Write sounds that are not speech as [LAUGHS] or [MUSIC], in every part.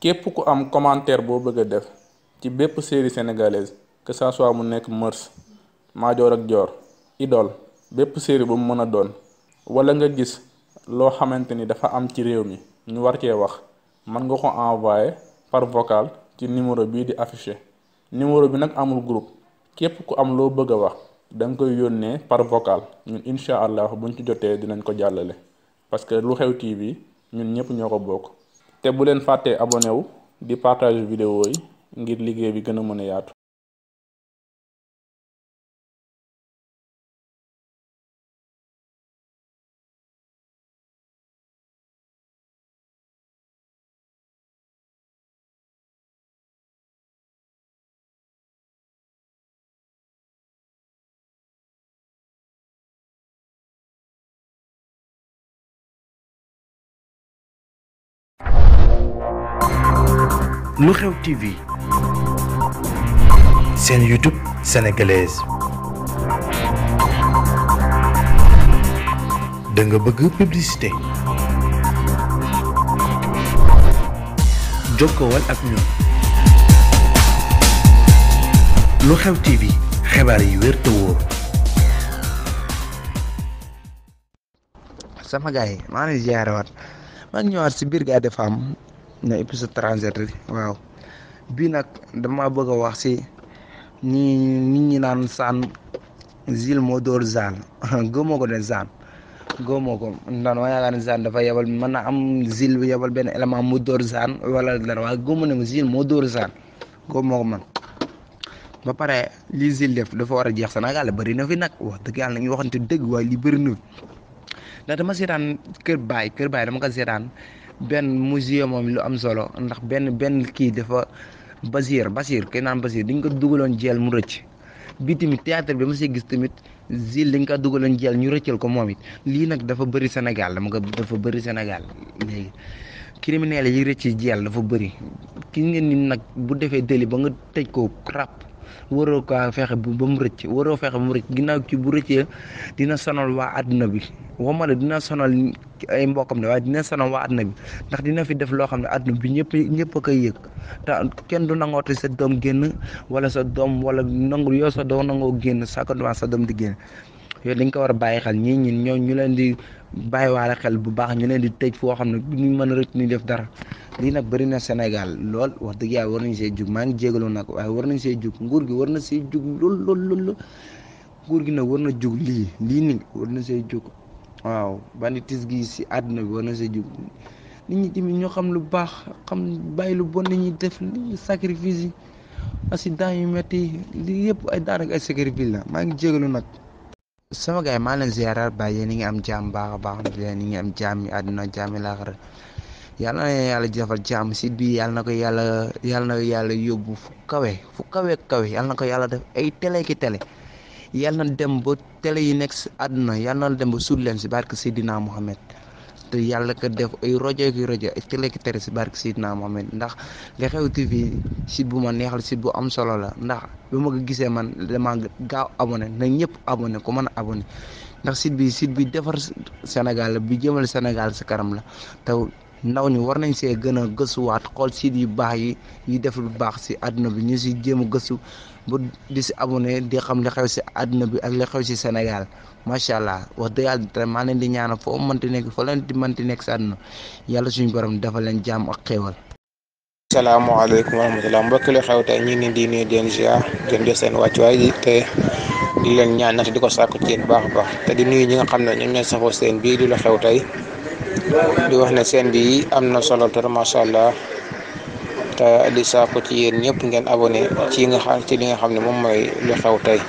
képp ku am commentaire boo bëgg a def ci bépp série sénégalaise que ça soit mu nekk Mœurs Madior ak Dior Idole bépp série bu mu mën a doon wala nga gis loo xamante ni dafa am ci réew mi ñu war cee wax mën nga ko envoyé par vocal ci numéro bii di affiché numéro bi nag amul group képp ku am loo bëgg a wax da koy yónnee par vocal ñun incha allah buñ ci jotee dinañ ko jàllale parce que lu xew TV ñun ñëpp ñoo ko bokk. te bu leen fàttee abonné di partage vidéo yi ngir liggéey bi gën a mën a yaatu lu xew TV seen YouTube sénégalaise da bëgg publicité jokkowal ak ñun lu xew TV xibaar yi wér wóor. sama gars maa ngi ziyaare waat maa ngi biir Gade ne épisode trente-sept waaw bii nag dama bëgg a wax si ni nit naan saan zil moo dóor zaan [LAUGHS] gëmoo ko de zaan gëmoo ko ndax ma yaakaar ne zaan dafa yebal mën na am zil bu yebal benn élément mu dóor zaan wala dara waaye gëmu ne moo dóor zaan gëmoo ko man ba pare li zil def dafa war a jeex Sénégal bëri na fi nag wax dëgg yàlla nañu waxante dëgg waaye li bëri na fi ndax dama seetaan kër baay kër baay dama ko seetaan benn museum moom lu am solo ndax benn benn kii dafa basir basir kay naan basir dañ ko dugaloon jeel mu rëcc bi bi ma see gis tamit zil dañ ko dugaloon jeel ñu rëccal ko moom it lii nag dafa bëri Sénégal dama ko dafa bëri Sénégal léegi criminel yi rëcc jeel dafa bëri ki ngeen ni nag bu defee déli ba nga tëj ko rap waroo kaa fexe ba mu rëcc waroo fexe ba mu rëcc ginnaaw ci bu rëccee dina sonal waa àdduna bi waxuma la dina sonal ay mbokkam ne waaye dina sonal waa àdduna bi ndax dina fi def loo xam ne àdduna bi ñëpp ñëpp a koy yëg te kenn du nangooti sa doom génn wala sa doom wala nangu yoo sa doom nangoo génn sa sa doom di génn yooyu dañ ko war bàyyi xel ñii ñin ñu leen di bàyyiwaale xel bu baax ñu leen di tëj foo xam ne ñu mën a rëcc ñu def dara lii nag bëri na Sénégal lool wax dëgg yàlla war nañ see jug maa ngi jégalu nag waaye war nañ see jug nguur gi war na see jug lool lool lool nguur gi nag war na jug lii lii nii na see jug waaw banditisme gi si àdduna bi war na see jug nit ñi tamit ñu xam lu baax xam bàyyi lu bon nañuy def li sacrifice yi accident yu metti yi lii yëpp ay daanaka ay sacrifice la maa ngi jégalu nag. sama gars yi maa leen ziarar bàyyi yéen ngi am jaam baax a baax yéen a ngi am jaam yi àdduna jaam yi laaxara yàlla na yàlla defal jaam site bi yàlla na ko yàlla yàlla na yàlla yóbbu fu kawe fu kawe kawe yàlla na ko yàlla def ay télé ki télé yàlla na dem ba télé yi nekk si àdduna yàlla na dem ba suul leen si barke Seydina Mohamed te yàlla ka def ay rojo ki rojo te lekk tere si barke Seydina Mohamed ndax li xew TV site bu ma neexal site bu am solo la ndax bi ma ko gisee man dama gaaw abonné na ñëpp abonné ku mën a abonné ndax site bi site bi defar Sénégal la bi jëmal Sénégal si kanam la te ndaw ñi war nañ see gën a gëstuwaat xool site yu baax yi yi def lu baax si àdduna bi ñu si jéem a gëstu bu di si abonné di xam li xew si àdduna bi ak li xew si Sénégal macha allah wax dëgg yàlla tamit maa leen di ñaanal foo mënti nekk foo leen di mënti nekk si suñu borom dafa leen jàmm a xéewal. salaamaaleykum wa rahmatulah mbokki li xew tey ñu ngi di nuyu DNG jëm di te di leen ñaan nag di ko sàkku ci yéen baax a baax te di nuyu ñi nga xam ne ñoom ñooy safoo seen bii di la xew tey di wax ne seen bii am na solo te macha allah di saako ci yéen ñëpp ngeen abonné ci nga xam li xam ne moom mooy li xew tey.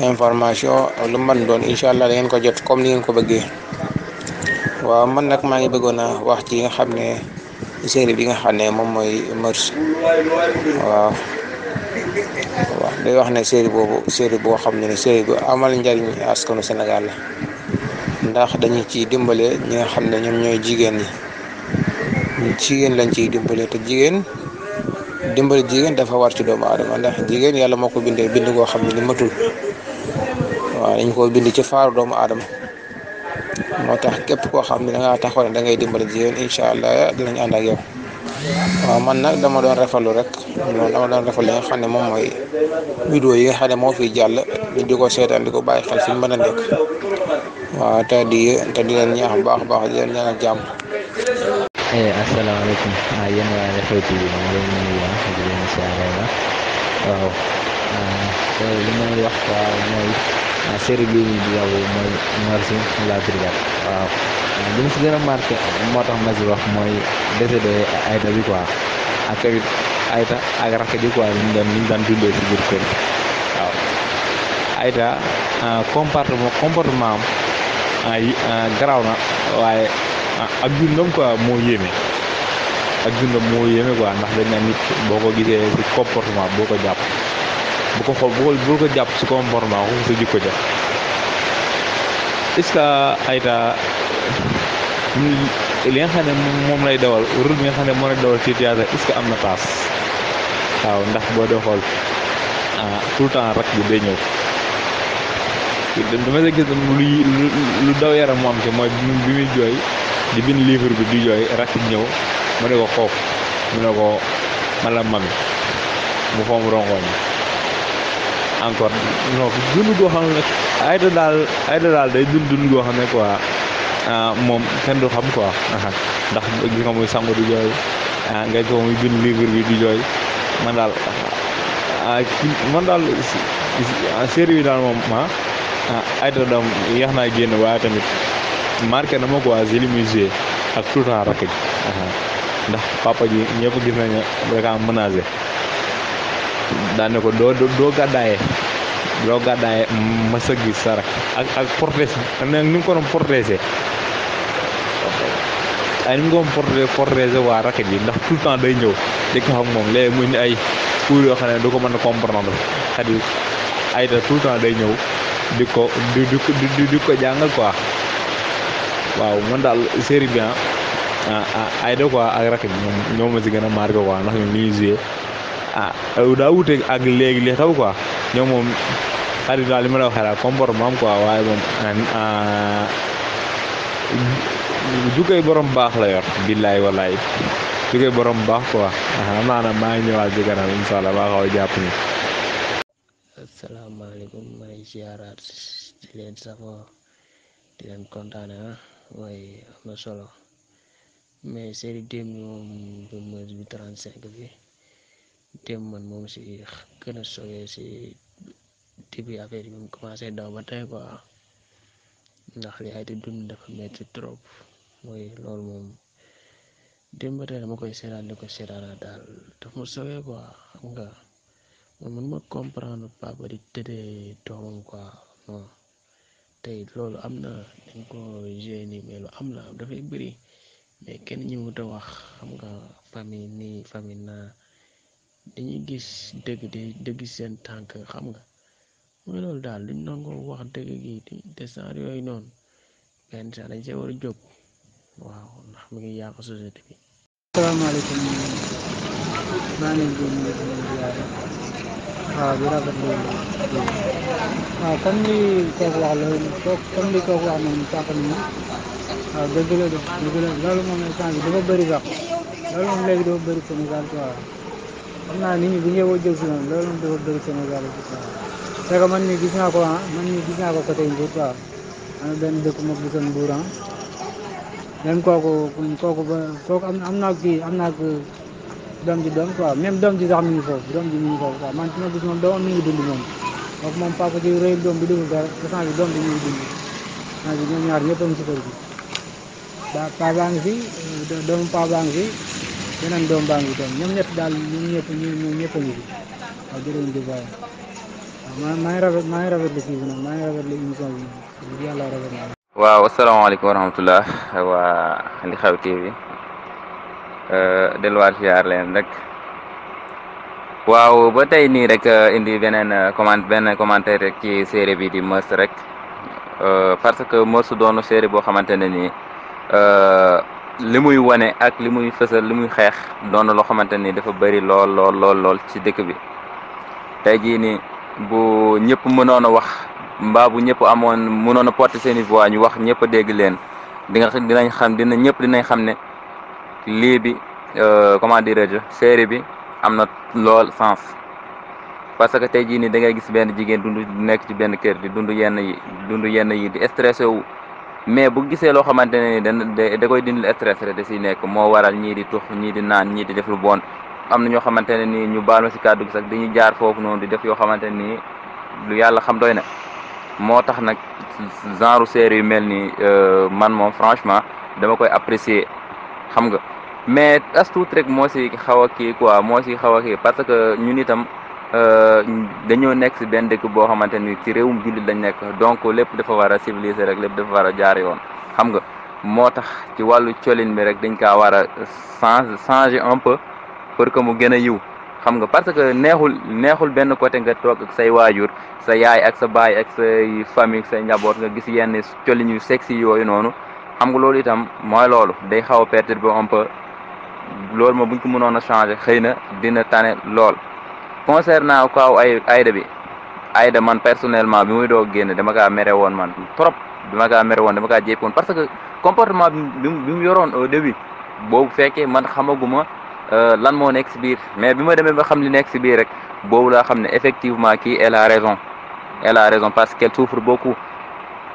information lu mën doon incha allah da ngeen ko jot comme ni ngeen ko bëggee waaw man nag maa ngi bëggoon a wax ci nga xam ne série bi nga xam ne moom mooy Mœurs waaw waaw day wax ne série boobu série boo xam ne ne série njariñ askanu Sénégal la ndax dañu ciy dimbale ñi nga xam ne ñoom ñooy jigéen ñi jigéen lañ ciy dimbale te jigéen dimbale jigéen dafa war ci doomu aadama ndax jigéen yàlla moo ko bindee bind koo xam ne ni matul waaw dañ koo bind ci faaru doomu aadama moo tax képp koo xam ne da ngaa da ngay dimbali jigéen incha allah dinañ ànd ak yow waaw man nag dama doon rafetlu rek dama doon rafetlu li xam ne moom mooy vidéo yi nga xam ne moo fiy jàll di ko seetaan di ko bàyyi xel fi ñu mën a nekk waaw te di te di leen ñaax baax baax di leen eh, ah, waaw ah, li may wax waaw série bi ñu di yàggu mooy Mercy la Brigade waaw li mu si gën a marqué moo tax ma si wax mooy décédé Aïda bi quoi ak tamit Aïda ak rakk ji quoi doon liñ daan dundee si biir kër waaw Aïda euh, comportement comportement am euh, euh, garaaw na waaye ak dundam quoi moo yéeme ak dundam moo yéeme quoi ndax dañ na nit boo ko gisee si comportement boo ko jàpp bu ko xool bu ko ko jàpp si comportement ko sa jikko ja est-ce que Aïda li nga xam ne moom lay dawal rôle bi nga xam ne moo lay dawal ci théâtre est am na taas waaw ndax boo dee xool ah, tout le temps rak bi day ñëw dama gis lu lu daw yaram mu am ci mooy bi muy jooy di bind livre bi di jooy rak ñëw mu ne ko xoof mu ne ko mala mami mu foom rongoñ encore non dund goo xam ne Aida daal day dund dund goo xam ne quoi ah, moom kenn du xam quoi [LAUGHS] ndax gis nga muy sangu di jooy ah ngay ko muy bind livre bi di man daal ah man daal ah, série bi daal moom ah Aida ah, daal yéex naa génn waaye tamit marqué na ma quoi Zélimusée ak tout le [LAUGHS] ndax papa ji ñëpp gis nañu ne da kaa daan ne ko doo doo gàddaayee doo gàddaayee ma sëgg sara ak ak protégé nag ni mu ko doon protégé ay ni mu ko doon protégé waa raket yi ndax tout temps day ñëw di ko xam moom ni ay kuur yoo xam ne du ko mën a comprendre xet yi ay da tout day ñëw di ko di jàngal quoi waaw man daal série bien ah ay ah, da quoi ak raket ñoom ñoo ma si gën a marqué quoi ndax ñun li ñuy ah daa ak léegi li xew ñoom moom xarit daal li ma la waxee daal comportement waaye moom ah, jugee borom baax la yor billaay wallaay jugee borom baax quoi ah, xam naa ne maa ngi ñëwaat ci kanam allah maa xaw a jàpp ni. may ziaraat di ah, moom bi trente cinq bi. démb man moom si gën a si début affaire yi mu commencé daw ba tey quoi ndax li ay di dund dafa metti trop mooy lool moom démb ba tey dama koy seetaan di ko seetaanaat daal daf ma sogee quoi xam nga man man ma comprendre papa di tëddee doomam quoi non tey loolu am na dañ ko génne mais lu am la dafay bëri mais kenn ñi wax xam nga famille nii famille naa dañuy gis dëgg de dëgg seen tànk xam nga mooy loolu daal duñ nangoo wax dëgg gi te yooyu noonu benn saa dañ see war a waaw ndax mi ngi yàq société bi. asalaamaaleykum maa di waaw wax loolu comme li kooku wax moom sax la dëgg loolu moom échange bi dafa bëri sax loolu moom léegi dafa bëri comme ça quoi. am naa nit ñi bu ñu yeboo jóg si moom loolu moom dafa bëri Sénégal gis naa c'est man mii gis naa ko ah man mii gis ko côté Mbour waaw am na benn dëkk moo gisoon Mbour ah même kooku kooku ba kooku am am naa kii am naa euh, doom ji doom quoi même doom ji sax mi ngi foofu doom ji mi ngi foofu quoi man ci ma gis moom doomam mi ngi dund moom donc moom papa ji rëy doom bi dund dara instant bi doom bi mi ngi dund instant bi ñoom ñaar ñëpp a ngi si kër gi paa baa ngi fi euh, doomu paa beneen doom baa ngi doom ñoom ñëpp daal ñoom ñëpp ñoom ñëpp a ngi fi waaw jërëjëf di bàyyi rafet maa ngi rafetlu kii bi nag waaw asalaamaaleykum wa rahmatullah waa li xew TV delluwaat siyaar leen rek waaw ba tey nii rek euh, indi beneen euh, comment benn commentaire rek ci série bi di Mœurs rek parce que Mœurs doonu série boo xamante ne nii euh, li muy wane ak li muy fësal li muy xeex doon loo xamante ni dafa bëri lool lool lool lool ci dëkk bi tey jii ni bu ñëpp mënoon a wax mbaa bu ñëpp amoon mënoon a porter seen i voix ñu wax ñëpp a dégg leen di nga dinañ xam dina ñëpp dinañ xam ne lii bi euh, comment dirais-je série bi am na lool sens parce que tey jii ni da ngay gis benn jigéen dund nekk ci benn kër di dundu yenn yi dund yenn yi di stressé wu mais bu gisee loo xamante ne ni da koy dindil stress rek da siy nekk moo waral ñii di tux ñii di naan ñii di def lu bon am na ñoo xamante ne ni ñu baal si kàddu gi sax dañuy jaar foofu noonu di def yoo xamante ni lu yàlla xam doy na moo tax nag genre série yu mel ni euh, man moom franchement dama koy apprécier xam nga mais as tuut rek moo si xaw a kii quoi moo si xaw a parce que ñun itam dañoo nekk si benn dëkk boo xamante ni ci réewum jullit lañ nekk donc lépp dafa war a civilisé rek lépp dafa war a jaar yoon xam nga moo tax ci wàllu colin bi rek dañ kaa war a change changer un peu pour que mu gën a yiw xam nga parce que neexul neexul benn côté nga toog ak say waajur sa yaay ak sa baay ak sa famille sa njaboot nga gis yenn colin yu sexy yooyu noonu xam nga loolu itam mooy loolu day xaw a perturber un peu loolu moom buñ ko mënoon a changer xëy na dina tane lool concernant kaw ay ayda bi ayda man personnellement bi muy doog génn dama kaa mere woon man trop dama kaa mere woon dama kaa jéppoon parce que comportement bi bi mu yoroon au début boobu fekkee man xamaguma euh, lan moo nekk si biir mais bi ma demee ba xam li nekk si biir rek boobu laa xam ne effectivement kii elle a raison elle a raison parce qu'elle souffre beaucoup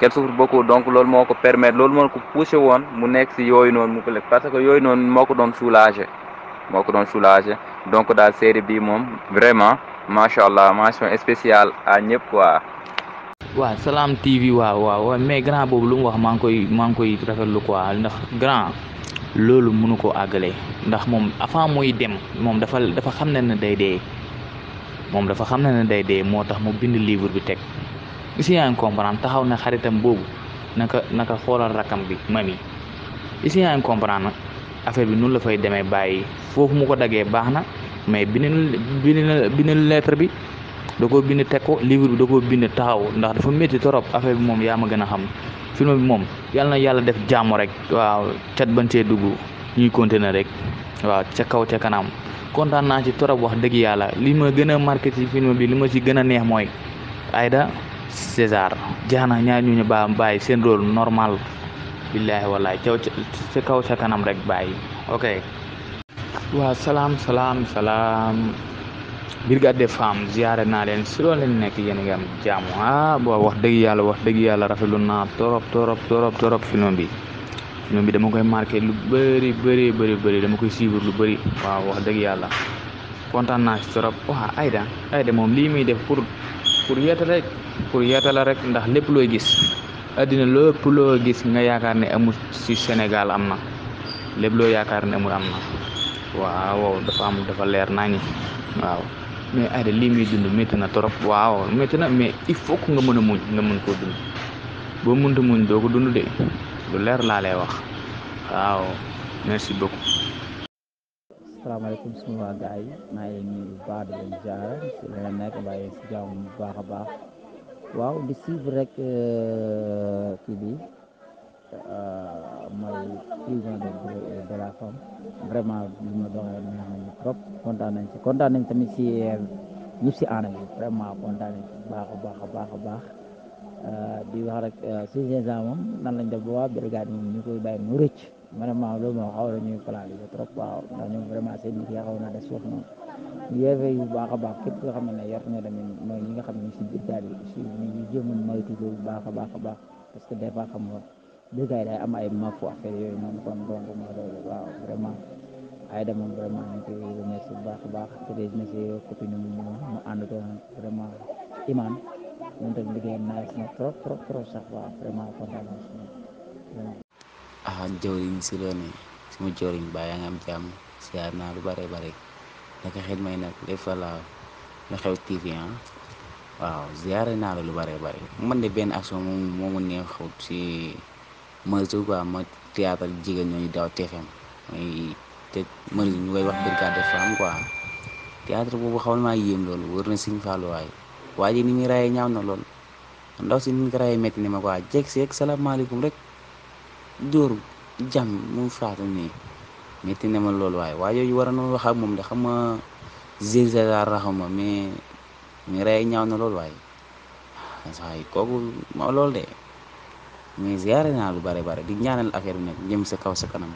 qu'elle souffre beaucoup donc loolu moo ko permettre loolu moo ko poussé woon mu nekk si yooyu noonu mu ko parce que yooyu noonu moo ko doon soulager moo ko doon soulager donc daal série bi moom vraiment macha allah mention spéciale à ñëpp waa waa Salam TV waa waaw mais grand boobu lu mu wax maa ngi koy maa ngi koy rafetlu quoi ndax grand loolu mënu ko àggale ndax moom avant muy dem moom dafa dafa xam ne ne day dee moom dafa xam na ne day dee moo tax mu bind livre bi teg si yaa ngi comprendre taxaw na xaritam boobu naka naka xoolal rakam bi mami si yaa ngi comprendre affaire bi noonu la fay demee bàyyi foofu mu ko daggee baax na mais beneen beneen beneen lettre bi da koo bind teg ko livre bi da koo taxaw ndax dafa métti torop affaire bi moom yaa ma gën a xam film bi moom yàlla na yàlla def jàmm rek waaw cat ban cee dugg ñuy continuer rek waaw ca kaw ca kanam kontaan naa ci torop wax dëgg yàlla li ma gën a marqué ci film bi li ma ci gën a neex mooy Aïda César jaana ñaar ñu ñu ba bàyyi seen rôle normal billaahi wallaahi caw ci kaw sa rek bàyyi ok waa salaam salaam salaam brigade des femmes ziare naa leen si loo leen nekk yéen nga am jàmm ah bo wax dëgg yàlla wax dëgg yàlla rafetlu naa torop torop torop torop film bi film bi dama koy marqué lu bëri bëri bëri bëri dama koy suivre lu bari waaw wax dëgg yàlla kontaan naa si torop waa Aïda Aïda moom lii muy def pour pour rek ndax lépp looy gis àddina lépp loo gis nga yaakaar ne amul ci Sénégal am na lépp loo yaakaar ne amul am na waaw dafa am dafa leer nañu waaw mais Aida lii muy dund métti na trop waaw métti na mais il faut que nga mën a muñ nga mën koo dund boo mënta muñ doo ko dund de lu leer laa lay wax waaw merci beaucoup. salaamaaleykum waaw di suivre rek euh, kii bi euh, mooy prison de la femme vraiment li ma doxee neex trop kontaan nañ si kontaan nañ tamit si euh, ñëpp si ànd bi vraiment kontaan nañ si baax a baax a baax a baax di wax rek sugesa moom nan lañ def ba waa brigade moom ñu koy bàyyi mu rëcc vraiment loolu moo xaw la ñuy planifié trop waaw ndax ñoom vraiment seen nit yaa xaw naa des foofu noonu yeewee bu baax a baax képp nga xam ne yor na tamit mooy ñi xam ne si biir daal si ñu jéem a moytu loolu baax a baax a baax parce que des fois xam nga dëggaay day am ay mafu affaire yooyu noonu kon ay dama vraiment ñu bu baax a baax Thérèse monsieur copine mu mu àndatoon vraiment Iman moom tamit liggéeyam naa si trop trop trop sax waaw vraiment kontaan si moom. ah jawriñ si am jàmm siyaar naa lu bare bare. naka xet may nag defal ah. la lu xew TV ah waaw ziare naa la bare bare man de benn action moom moo ma neexut si Meuze quoi ma théâtre jigéen ñooñu daaw TFM muy te Meuze ñu koy wax boobu xaw maa yéem loolu wër na Sëñ Fallu waay waa ji ni muy rayee ñaaw na lool ndaw si ni ñu ko rayee métti ne ma quoi jeeg si rek salaamaaleykum rek dóor jàmm mu faatu nii. métti ne ma loolu waaye waa yooyu war na wax ak moom de xam ma zilzala raxama mais mais rey ñaaw na loolu waaye waaye ah, kooku ma loolu de mais ziare naa lu bare bare di ñaanal affaire bi nag jëm sa kaw sa kanam.